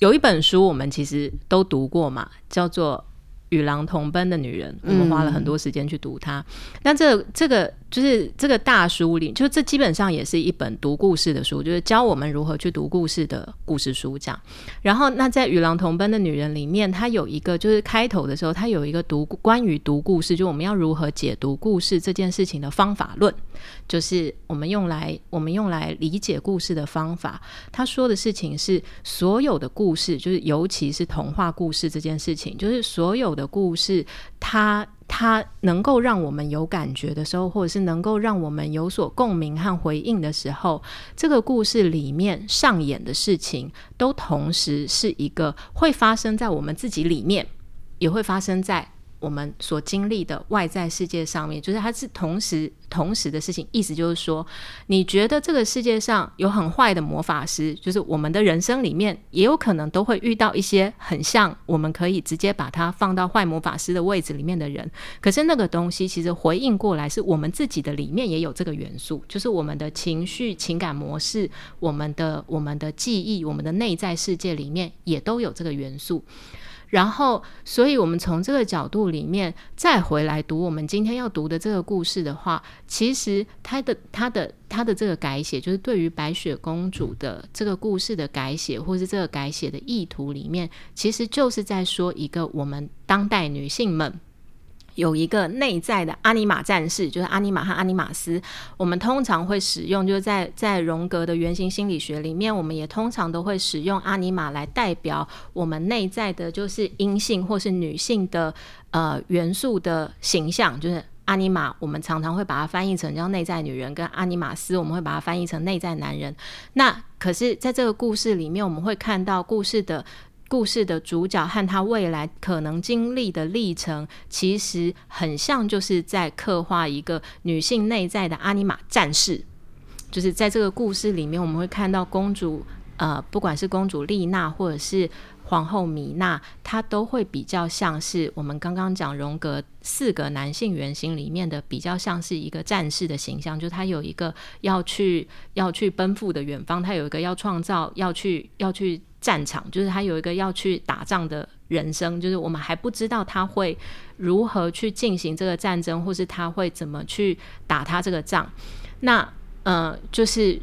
有一本書我們其實都讀過嘛，叫做《與狼同奔的女人》，我們花了很多時間去讀它。嗯、但這這個就是這個大書裡，就是這基本上也是一本讀故事的書，就是教我們如何去讀故事的故事書這樣。然後，那在《與狼同奔的女人》裡面，它有一個就是開頭的時候，它有一個讀關於讀故事，就我們要如何解讀故事這件事情的方法論。就是我們用來我們用來理解故事的方法。他說的事情是所有的故事，就是尤其是童話故事這件事情，就是所有的故事它、它它能夠讓我們有感覺的時候，或者是能夠讓我們有所共鳴和回應的時候，這個故事裡面上演的事情，都同時是一個會發生在我們自己裡面，也會發生在我們所經歷的外在世界上面，就是它是同時。同時的事情，意思就是說，你覺得這個世界上有很壞的魔法師，就是我們的人生裡面也有可能都會遇到一些很像我們可以直接把它放到壞魔法師的位置裡面的人。可是那個東西其實回應過來，是我們自己的裡面也有這個元素，就是我們的情緒、情感模式、我們的我們的記憶、我們的內在世界裡面也都有這個元素。然後，所以我們從這個角度裡面再回來讀我們今天要讀的這個故事的話，其實它的、它的、它的這個改寫，就是對於白雪公主的這個故事的改寫，或是這個改寫的意圖裡面，其實就是在說一個我們當代女性們。有一個內在的阿尼瑪戰士，就是阿尼瑪和阿尼瑪斯。我們通常會使用，就是在在榮格的原型心理學裡面，我們也通常都會使用阿尼瑪來代表我們內在的，就是陰性或是女性的呃元素的形象，就是阿尼瑪。我們常常會把它翻譯成叫內在女人，跟阿尼瑪斯我們會把它翻譯成內在男人。那可是，在這個故事裡面，我們會看到故事的。故事的主角和他未來可能經歷的歷程，其實很像，就是在刻畫一個女性內在的阿尼瑪戰士。就是在這個故事裡面，我們會看到公主，呃，不管是公主麗娜或者是皇後米娜，她都會比較像是我們剛剛講榮格四個男性原型裡面的，比較像是一個戰士的形象。就她有一個要去要去奔赴的遠方，她有一個要創造要去要去，要去戰場，就是他有一個要去打仗的人生，就是我們還不知道他會如何去進行這個戰爭，或是他會怎麼去打他這個仗。那呃，就是，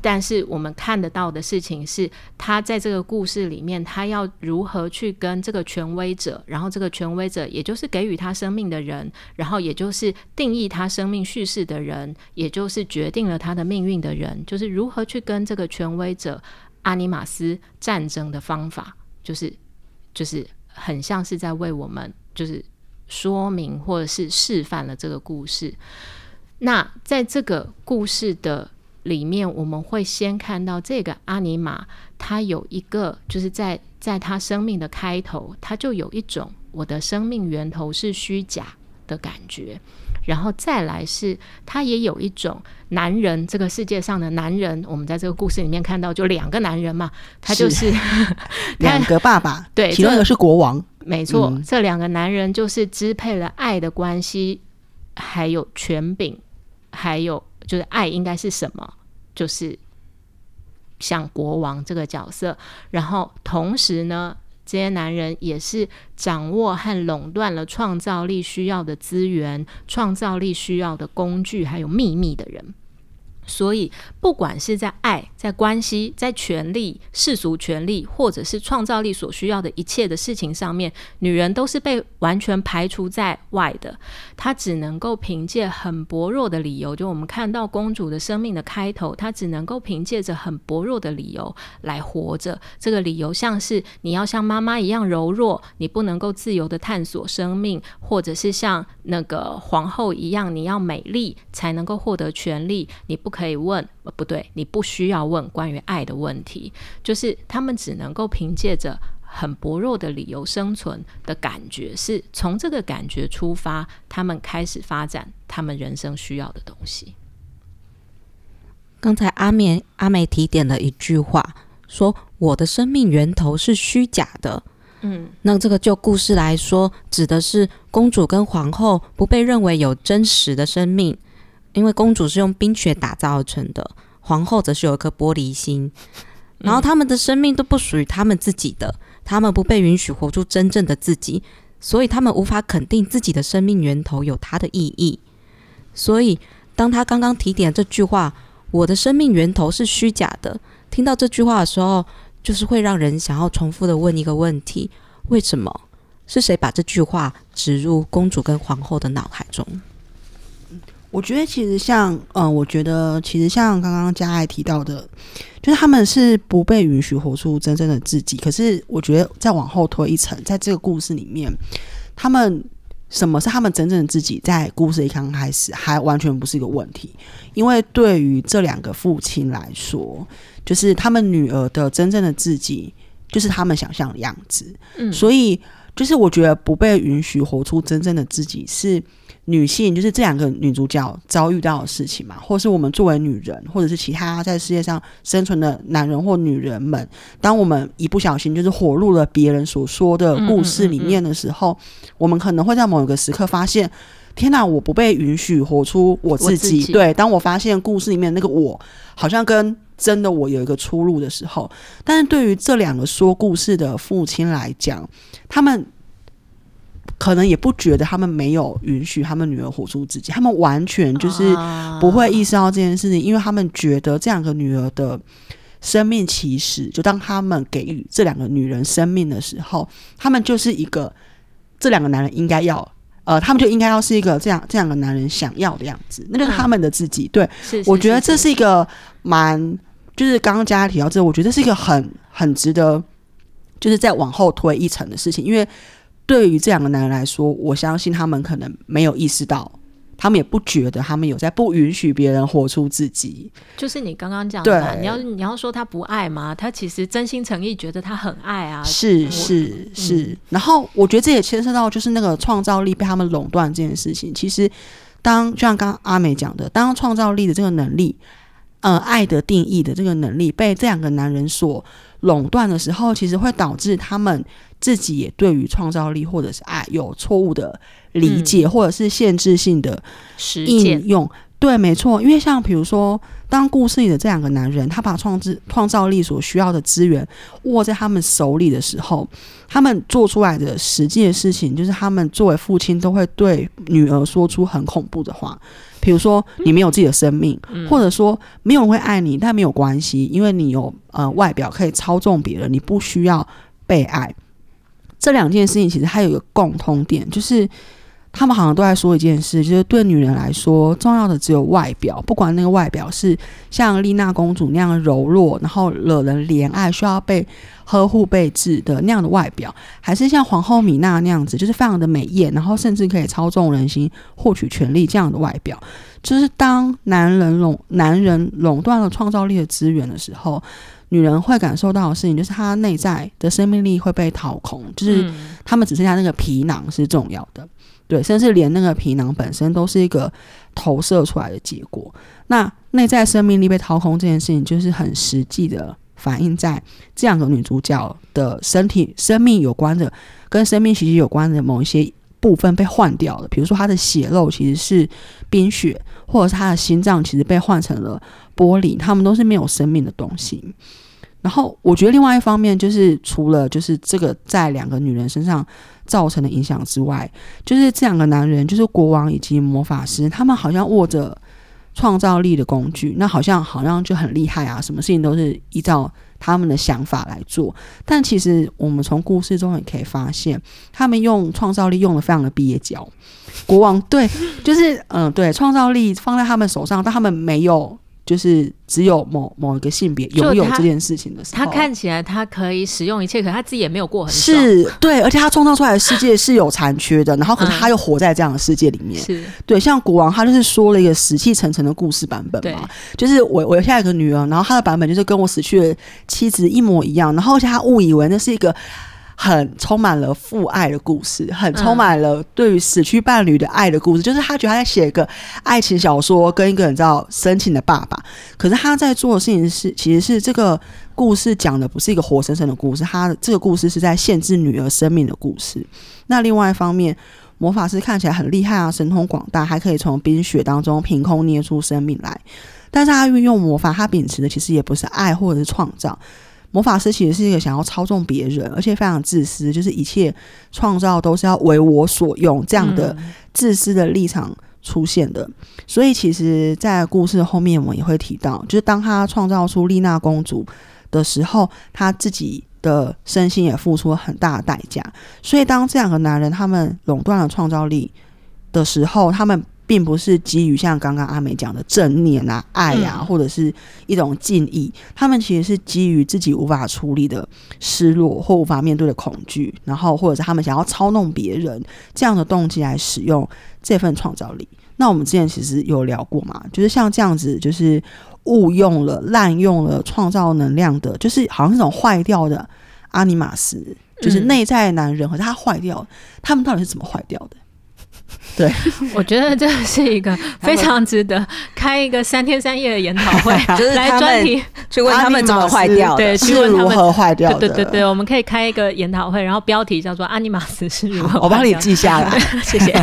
但是我們看得到的事情是，他在這個故事裡面，他要如何去跟這個權威者，然後這個權威者，也就是給予他生命的人，然後也就是定義他生命敘事的人，也就是決定了他的命運的人，就是如何去跟這個權威者。阿尼瑪斯戰士的方法，就是就是很像是在為我們就是說明或者是示範了這個故事。那在這個故事的裡面，我們會先看到這個阿尼瑪，它有一個就是在在他生命的開頭，他就有一種我的生命源頭是虛假的感覺。然後再來是，他也有一種男人，這個世界上的男人，我們在這個故事裡面看到，就兩個男人嘛，他就是，是兩個爸爸，對，其中一個是國王，沒錯，嗯，這兩個男人就是支配了愛的關係，還有權柄，還有就是愛應該是什麼，就是像國王這個角色，然後同時呢。這些男人也是掌握和壟斷了創造力需要的資源、創造力需要的工具，還有秘密的人。所以，不管是在愛、在關係、在權力、世俗權利或者是創造力所需要的一切的事情上面，女人都是被完全排除在外的。她只能夠憑借很薄弱的理由，就我們看到公主的生命的開頭，她只能夠憑借着很薄弱的理由來活着。這個理由像是你要像媽媽一樣柔弱，你不能夠自由的探索生命，或者是像那個皇後一樣，你要美麗才能夠獲得權利。你不可。可以問，呃，不對，你不需要問關於愛的問題，就是他們只能夠憑借着很薄弱的理由生存的感覺，是從這個感覺出發，他們開始發展他們人生需要的東西。剛才阿梅阿梅提點了一句話，說我的生命源頭是虛假的，嗯，那這個就故事來說，指的是公主跟皇後不被認為有真實的生命。因為公主是用冰雪打造而成的，皇后則是有一顆玻璃心，然後他們的生命都不屬於他們自己的，他們不被允許活出真正的自己，所以他們無法肯定自己的生命源頭有它的意義。所以，當他剛剛提點這句話，“我的生命源頭是虛假的”，聽到這句話的時候，就是會讓人想要重複的問一個問題：為什麼？是誰把這句話植入公主跟皇後的腦海中？我覺得其實像，嗯、呃，我覺得其實像剛剛嘉愛提到的，就是他們是不被允許活出真正的自己。可是我覺得再往後推一層，在這個故事裡面，他們什麼是他們真正的自己，在故事一剛開始還完全不是一個問題。因為對於這兩個父親來說，就是他們女兒的真正的自己就是他們想象的樣子，嗯。所以就是我覺得不被允許活出真正的自己是。女性就是這兩個女主角遭遇到的事情嘛，或是我們作為女人，或者是其他在世界上生存的男人或女人們，當我們一不小心就是活入了別人所說的故事裡面的時候，嗯嗯嗯嗯，我們可能會在某一個時刻發現，天哪、啊，我不被允許活出我自、我自己。對，當我發現故事裡面那個我，好像跟真的我有一個出入的時候，但是對於這兩個說故事的父親來講，他們。可能也不覺得他們沒有允許他們女兒活出自己，他們完全就是不會意識到這件事情，啊、因為他們覺得這兩個女兒的生命其實，就當他們給予這兩個女人生命的時候，他們就是一個這兩個男人應該要，呃，他們就應該要是一個這樣這兩個男人想要的樣子，那就是他們的自己。嗯、對是是是是我，就是剛剛，我覺得這是一個蠻，就是剛剛佳佳提到這，我覺得是一個很很值得，就是再往後推一層的事情，因為。對於這兩個男人來說，我相信他們可能沒有意識到，他們也不覺得他們有在不允許別人活出自己。就是你剛剛講的，對，你要你要說他不愛嗎？他其實真心誠意覺得他很愛啊，是是是、嗯。然後我覺得這也牽涉到，就是那個創造力被他們壟斷這件事情。其實當，當就像剛剛阿梅講的，當創造力的這個能力，呃，愛的定義的這個能力被這兩個男人所壟斷的時候，其實會導致他們。自己也對於創造力或者是愛有錯誤的理解，或者是限制性的應用。嗯、對，沒錯。因為像比如說，當故事裡的這兩個男人，他把創制創造力所需要的資源握在他們手裡的時候，他們做出來的實際的事情，就是他們作為父親都會對女兒說出很恐怖的話，比如說“你沒有自己的生命”，或者說“沒有人會愛你”，但沒有關係，因為你有呃外表可以操縱別人，你不需要被愛。這兩件事情其實它有一個共通點，就是他們好像都在說一件事，就是對女人來說，重要的只有外表，不管那個外表是像麗娜公主那樣柔弱，然後惹人憐愛，需要被呵護、被治的那樣的外表，還是像皇後米娜那樣子，就是非常的美豔，然後甚至可以操縱人心、獲取權力這樣的外表。就是當男人壟男人壟斷了創造力的資源的時候。女人會感受到的事情，就是她內在的生命力會被掏空，就是她們只剩下那個皮囊是重要的、嗯，對，甚至連那個皮囊本身都是一個投射出來的結果。那內在生命力被掏空這件事情，就是很實際的反映在這兩個女主角的身體、生命有關的，跟生命息息有關的某一些部分被換掉了，比如說他的血肉其實是冰雪，或者是他的心臟其實被換成了玻璃，他們都是沒有生命的東西。然後我覺得另外一方面就是，除了就是這個在兩個女人身上造成的影響之外，就是這兩個男人，就是國王以及魔法師，他們好像握着創造力的工具，那好像好像就很厲害啊，什麼事情都是依照。他們的想法來做，但其實我們從故事中也可以發現，他們用創造力用得非常的蹩腳。國王對， 就是嗯，對，創造力放在他們手上，但他們沒有。就是只有某某一個性別擁有這件事情的時候，他，他看起來他可以使用一切，可是他自己也沒有過很。是對，而且他創造出來的世界是有殘缺的，啊，然後可是他又活在這樣的世界裡面。啊、是對，像國王他就是說了一個死氣沉沉的故事版本嘛，就是我我有下一個女兒，然後他的版本就是跟我死去的妻子一模一樣，然後而且他誤以為那是一個。很充滿了父愛的故事，很充滿了對於死去伴侶的愛的故事。嗯、就是他覺得他在寫一個愛情小說，跟一個你知道深情的爸爸。可是他在做的事情是，其實是這個故事講的不是一個活生生的故事，他的這個故事是在限制女兒生命的故事。那另外一方面，魔法師看起來很厲害啊，神通廣大，還可以從冰雪當中憑空捏出生命來。但是，他運用魔法，他秉持的其實也不是愛，或者是創造。魔法師其實是一個想要操縱別人，而且非常自私，就是一切創造都是要為我所用這樣的自私的立場出現的。嗯、所以，其實，在故事後面我們也會提到，就是當他創造出麗娜公主的時候，他自己的身心也付出了很大的代價。所以，當這兩個男人他們壟斷了創造力的時候，他們。並不是基於像剛剛阿梅講的正念啊、愛啊，或者是一種敬意、嗯，他們其實是基於自己無法處理的失落或無法面對的恐懼，然後或者是他們想要操弄別人這樣的動機來使用這份創造力。那我們之前其實有聊過嘛，就是像這樣子，就是誤用了、濫用了創造能量的，就是好像那種壞掉的阿尼瑪斯，就是內在男人，可是他壞掉，他們到底是怎麼壞掉的？對， 我覺得這是一個非常值得開一個三天三夜的研討會，來專題去問他們怎麼壞掉，對，去問他們如何壞掉的。對對對，對，我們可以開一個研討會，然後標題叫做《阿尼瑪斯是如何，》 我幫你記下來，謝謝。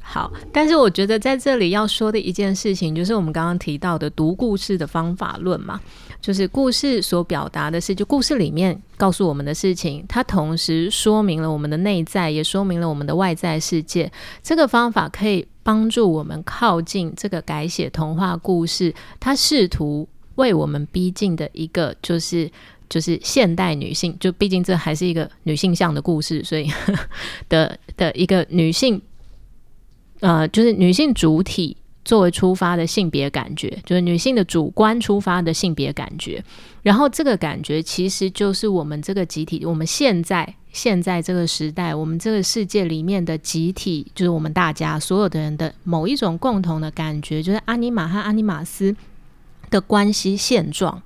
好，但是我覺得在這裡要說的一件事情，就是我們剛剛提到的讀故事的方法論嘛。就是故事所表達的事，就故事裡面告訴我們的事情，它同時說明了我們的內在，也說明了我們的外在世界。這個方法可以幫助我們靠近這個改寫童話故事，它試圖為我們逼近的一個，就是就是現代女性，就畢竟這還是一個女性向的故事，所以的的一個女性，呃，就是女性主體。作為出發的性別感覺，就是女性的主觀出發的性別感覺。然後這個感覺其實就是我們這個集體，我們現在現在這個時代，我們這個世界裡面的集體，就是我們大家所有的人的某一種共同的感覺，就是阿尼瑪和阿尼瑪斯的關係現狀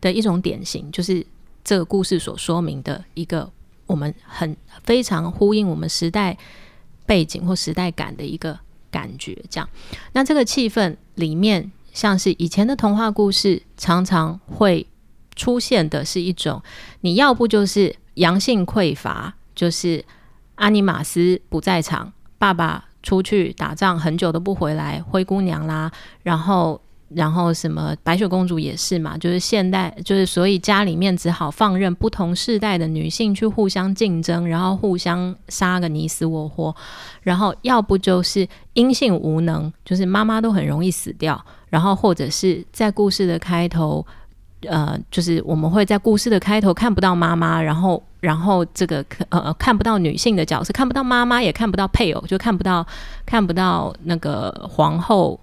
的一種典型，就是這個故事所說明的一個我們很非常呼應我們時代背景或時代感的一個感覺這樣，那這個氣氛裡面，像是以前的童話故事常常會出現的，是一種你要不就是陽性匱乏，就是阿尼瑪斯不在場，爸爸出去打仗很久都不回來，灰姑娘啦，然後。然後什麼白雪公主也是嘛，就是現代，就是所以家裡面只好放任不同世代的女性去互相競爭，然後互相殺個你死我活，然後要不就是陰性無能，就是媽媽都很容易死掉，然後或者是在故事的開頭，呃，就是我們會在故事的開頭看不到媽媽，然後然後這個呃看不到女性的角色，看不到媽媽也看不到配偶，就看不到看不到那個皇後。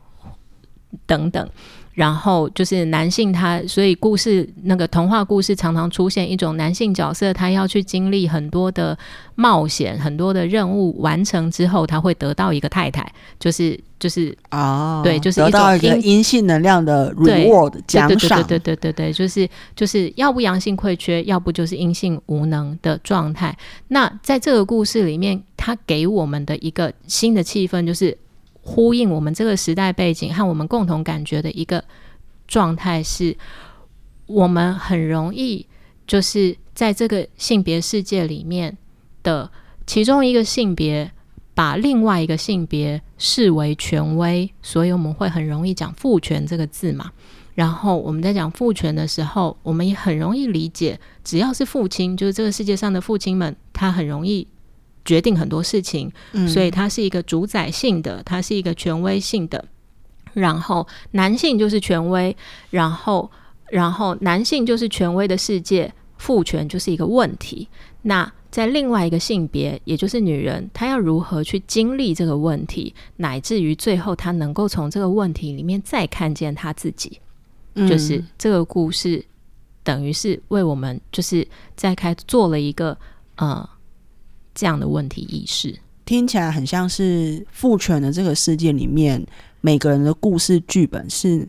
等等，然後就是男性他，所以故事那個童話故事常常出現一種男性角色，他要去經歷很多的冒險，很多的任務完成之後，他會得到一個太太，就是就是啊、哦，對，就是種得到一個陰性能量的 reward 獎賞，對，對對對對對對，就是就是要不陽性匱缺，要不就是陰性無能的狀態。那在這個故事裡面，它給我們的一個新的氣氛就是。呼應我們這個時代背景和我們共同感覺的一個狀態是，我們很容易就是在這個性別世界裡面的其中一個性別把另外一個性別視為權威，所以我們會很容易講“父權”這個字嘛。然後我們在講父權的時候，我們也很容易理解，只要是父親，就是這個世界上的父親們，他很容易決定很多事情，所以它是一個主宰性的，它、嗯、是、是一個權威性的。然後男性就是權威，然後然後男性就是權威的世界，父權就是一個問題。那在另外一個性別，也就是女人，她要如何去經歷這個問題，乃至於最後她能夠從這個問題裡面再看見她自己，嗯、就是這個故事等於是為我們就是在開做了一個呃。這樣的問題意識聽起來很像是父權的這個世界裡面，每個人的故事劇本是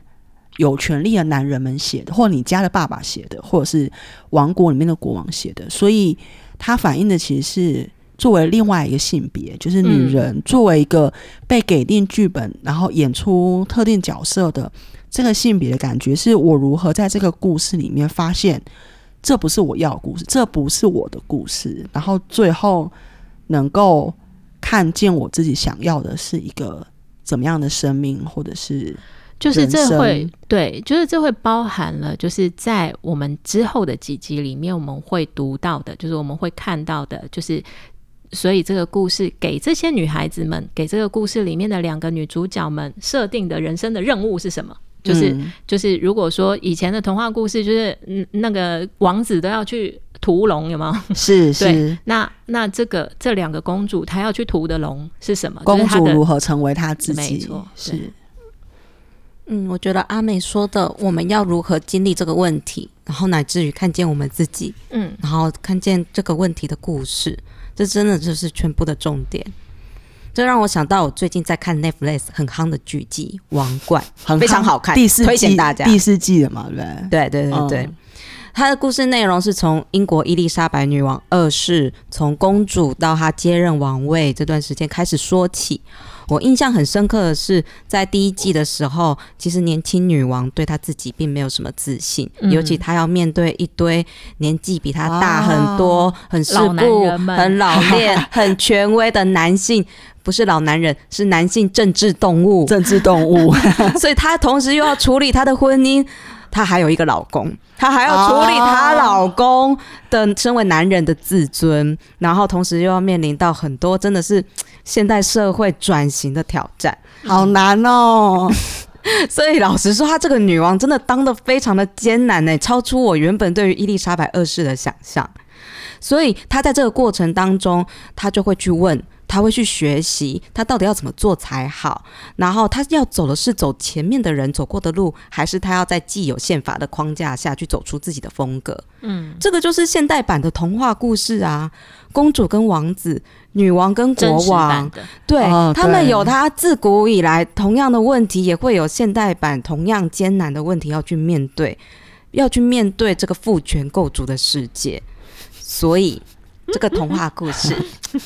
有權利的男人們寫的，或你家的爸爸寫的，或者是王國裡面的國王寫的。所以，它反映的其實是作為另外一個性別，就是女人作為一個被給定劇本，然後演出特定角色的這個性別的感覺，是我如何在這個故事裡面發現，這不是我要的故事，這不是我的故事。然後最後能夠看見我自己想要的是一個怎麼樣的生命，或者是就是這會對，就是這會包含了，就是在我們之後的幾集裡面我們會讀到的，就是我們會看到的，就是所以這個故事給這些女孩子們，給這個故事裡面的兩個女主角們設定的人生的任務是什麼？就是就是，嗯，就是、如果說以前的童話故事，就是嗯那個王子都要去屠龍，有沒有？是是。 那那這個這兩個公主，她要去屠的龍是什麼？公主如何成為她自己？沒錯，是。嗯，我覺得阿梅說的，我們要如何經歷這個問題，然後乃至於看見我們自己，嗯，然後看見這個問題的故事，這真的就是全部的重點。這讓我想到，我最近在看 Netflix 很夯的劇集《王冠》很，非常好看。第四季，推薦大家。第四季的嘛，對不對？對對對對,對，嗯、她的故事內容是從英國伊麗莎白女王二世從公主到她接任王位這段時間開始說起。我印象很深刻的是，在第一季的時候，其實年輕女王對她自己並沒有什麼自信，嗯、尤其她要面對一堆年紀比她大很多、哦、很世故老男人們、很老練、很權威的男性。 不是老男人，是男性政治動物，政治動物， 所以他同時又要處理他的婚姻，他還有一個老公，他還要處理他老公的身為男人的自尊，哦、然後同時又要面臨到很多真的是現代社會轉型的挑戰，好難哦。 所以老實說，他這個女王真的當得非常的艱難呢，超出我原本對於伊麗莎白二世的想象。所以他在這個過程當中，他就會去問。他會去學習，他到底要怎麼做才好？然後他要走的是走前面的人走過的路，還是他要在既有憲法的框架下去走出自己的風格？嗯，這個就是現代版的童話故事啊，公主跟王子，女王跟國王，對，哦，對，他們有他自古以來同樣的問題，也會有現代版同樣艱難的問題要去面對，要去面對這個父權構築的世界，所以。這個童話故事，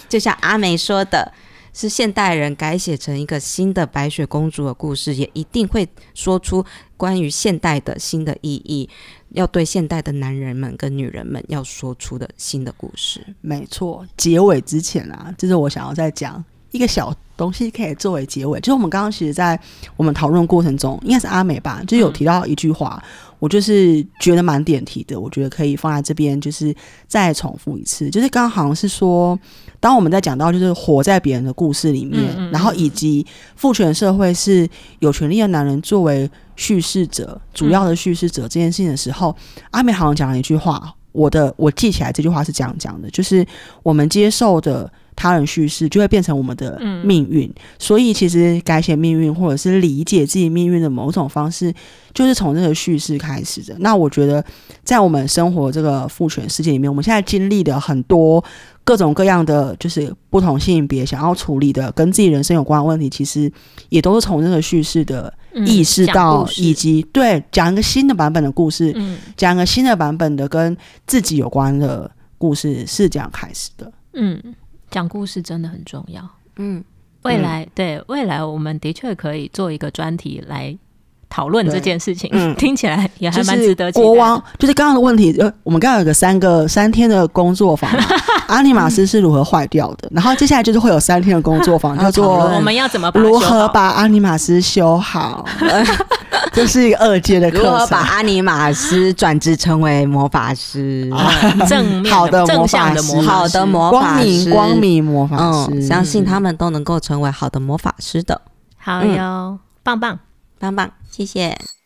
就像阿梅說的，是現代人改寫成一個新的白雪公主的故事，也一定會說出關於現代的新的意義，要對現代的男人們跟女人們要說出的新的故事。沒錯，結尾之前啊，這、就是我想要再講一個小。東西可以作為結尾，就是我們剛剛其實，在我們討論過程中，應該是阿美吧，就有提到一句話，我就是覺得蠻點題的，我覺得可以放在這邊，就是再重複一次。就是剛剛好像是說，當我們在講到就是活在別人的故事裡面嗯嗯嗯嗯，然後以及父權社會是有權利的男人作為敘事者，主要的敘事者這件事情的時候，阿美好像講了一句話，我的我記起來這句話是這樣講的，就是我們接受的。他人敘事就會變成我們的命運，嗯，所以其實改寫命運或者是理解自己命運的某種方式，就是從這個敘事開始的。那我覺得，在我們生活這個父權世界裡面，我們現在經歷的很多各種各樣的就是不同性別想要處理的跟自己人生有關的問題，其實也都是從這個敘事的意識到以及，嗯、對，講一個新的版本的故事，講、嗯、一個新的版本的跟自己有關的故事是這樣開始的。嗯。講故事真的很重要，嗯，未來、嗯、對未來，我們的確可以做一個專題來討論這件事情、嗯，聽起來也還蠻值得。就是、國王就是剛剛的問題，呃，我們剛剛有個三個三天的工作坊、啊，阿尼瑪斯是如何壞掉的？ 然後接下來就是會有三天的工作坊， 叫做我們要怎麼如何把阿尼瑪斯修好。 這是一個二階的課。如何把阿尼瑪斯轉 職成為魔法師？ 嗯、正面好的，正向師好的魔法光明光明魔法師，嗯、相信他們都能夠成為好的魔法師的。嗯、好喲，棒棒棒棒，謝謝。